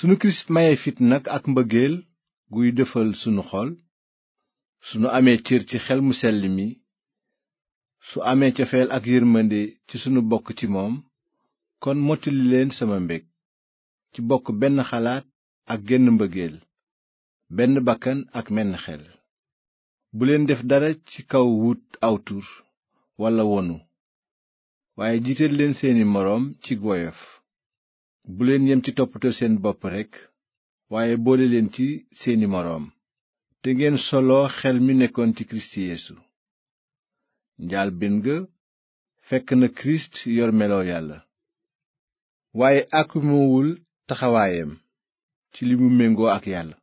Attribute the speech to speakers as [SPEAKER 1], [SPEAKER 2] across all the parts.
[SPEAKER 1] sunu kirist maye fit nag ak mbëggeel guy defal sunu xol sunu amee cër ci xel mu sell mi su amee cofeel ak yërmande ci sunu bokk ci moom kon mottali leen sama mbég ci bokk benn xalaat ak genn mbëggeel benn bakkan ak menn xel bu leen def dara ci kaw wut aw tur walla wonu waaye jiital leen seeni moroom ci woyof bu leen yem ci toppatoo seen bopp rekk waaye boole leen ci seeni moroom te ngeen soloo xel mi nekkoon ci kirist yeesu njàlbéen ga fekk na kirist yor meloo yàlla waaye àkkumawul taxawaayam ci limu méngoo ak yàlla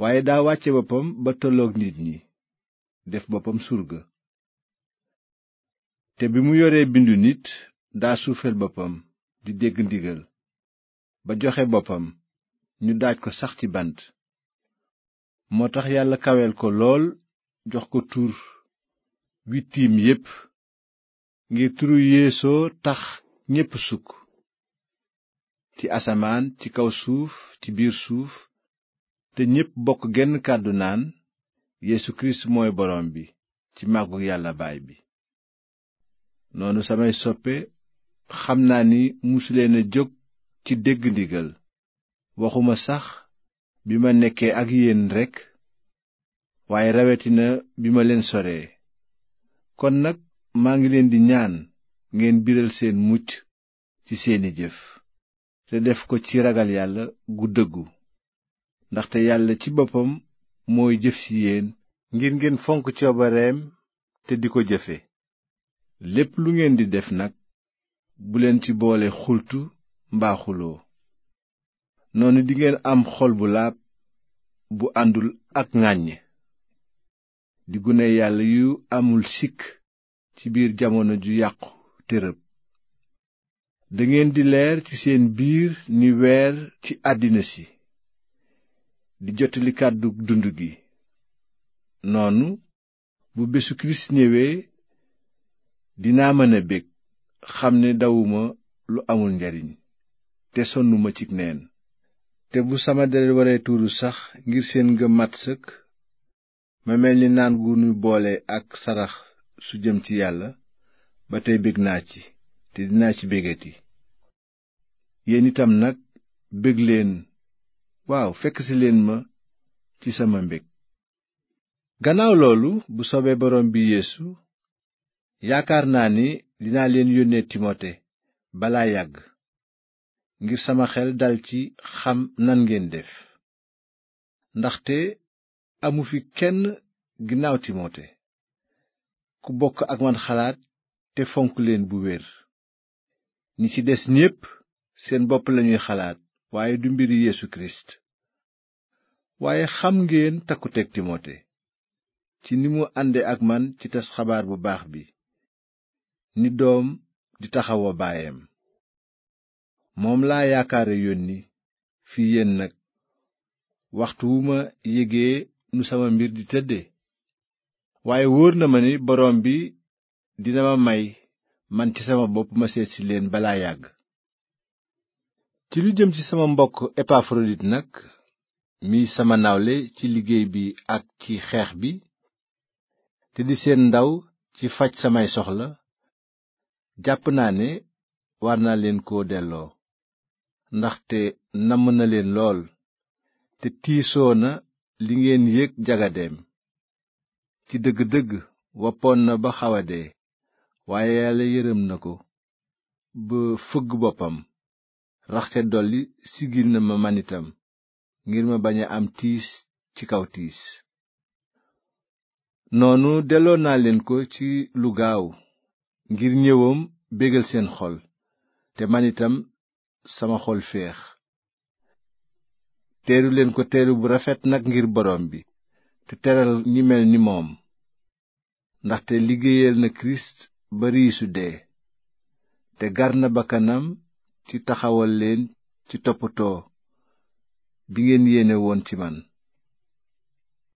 [SPEAKER 1] waaye daa wàcce boppam ba tolloog nit ñi def boppam surga te bi mu yoree bindu nit daa suufeel boppam di dégg ndigal ba joxe boppam ñu daaj ko sax ci bant moo tax yàlla kaweel ko lool jox ko tur wi yépp ngir turu yéesoo tax ñépp sukk ci asamaan ci kaw suuf ci biir suuf te ñépp bokk genn kàddu naan Yeesu Kirist mooy boroom bi ci màggu yàlla baay bi noonu samay soppe xam naa ni musuleen a jóg ci dégg ndigal waxuma sax bi ma nekkee ak yéen rekk waaye rawetina bi ma leen soree kon nag maa ngi leen di ñaan ngeen biral seen mucc ci seeni jëf te def ko ci ragal yàlla gu dëggu ndaxte yàlla ci boppam mooy jëf ci yéen ngir ngeen fonk coobareem te di ko jëfe lépp lu ngeen di def nag buleen ci boole xultu mbaaxuloo noonu dingeen am xol bu laab bu àndul ak ŋàññ di gune yàlla yu amul sikk ci biir jamono ju yàqu te rëb dangeen di leer ci seen biir ni weer ci àddina si di jottali kàddu dund gi noonu bu bésu kirist ñëwee dinaa mën a bég xam ne dawuma lu amul njariñ te sonnuma cig neen te bu sama deret waree tuuru sax ngir seen ngëm mat sëkk ma mel ni naan gu nu boole ak sarax su jëm ci yàlla ba tey bég naa ci te dinaa ci bégati yéen itam nag bég leen waaw fekk si leen ma ci sama mbég gannaaw loolu dinaa leen yónnee timote balaa yàgg ngir sama xel dal ci xam nan ngeen def ndaxte amu fi kenn ginnaaw timote ku bokk ak man xalaat te fonk leen bu wér ñi ci des ñépp seen bopp lañuy xalaat waaye du mbiri Yeesu Kirist waaye xam ngeen takkuteg timote ci ni mu ànde ak man ci tas xabaar bu baax bi ni doom di taxawa baayam moom laa yaakaare yónni fii yéen nag waxtu wu ma yégee nu sama mbir di tëdde waaye wóor na ma ni boroom bi dina ma may man ci sama bopp ma seetsi leen balaa yàgg ci lu jëm ci sama mbokk Epafrodit nag mi sama nawle ci liggéey bi ak ci xeex bi te di seen ndaw ci faj samay soxla jàpp naa ne war naa leen ko delloo ndaxte namm na leen lool te tiisoo na li ngeen yëg jagadeem ci dëgg-dëgg woppoon na ba xawa dee waaye yàlla yërëm na ko ba fëgg boppam raxte dolli siggil na ma manitam ngir ma bañ a am tiis ci kaw tiis noonu delloo naa leen ko ci lu gaaw ngir ñëwam bégal seen xol te man sama xol féex teeru ko teeru bu rafet nag ngir boroom bi te teral ngi mel ni moom ndaxte liggéeyal na kirist ba riisu dee te gar na bakkanam ci taxawal leen ci toppatoo bi ngeen yéene woon ci man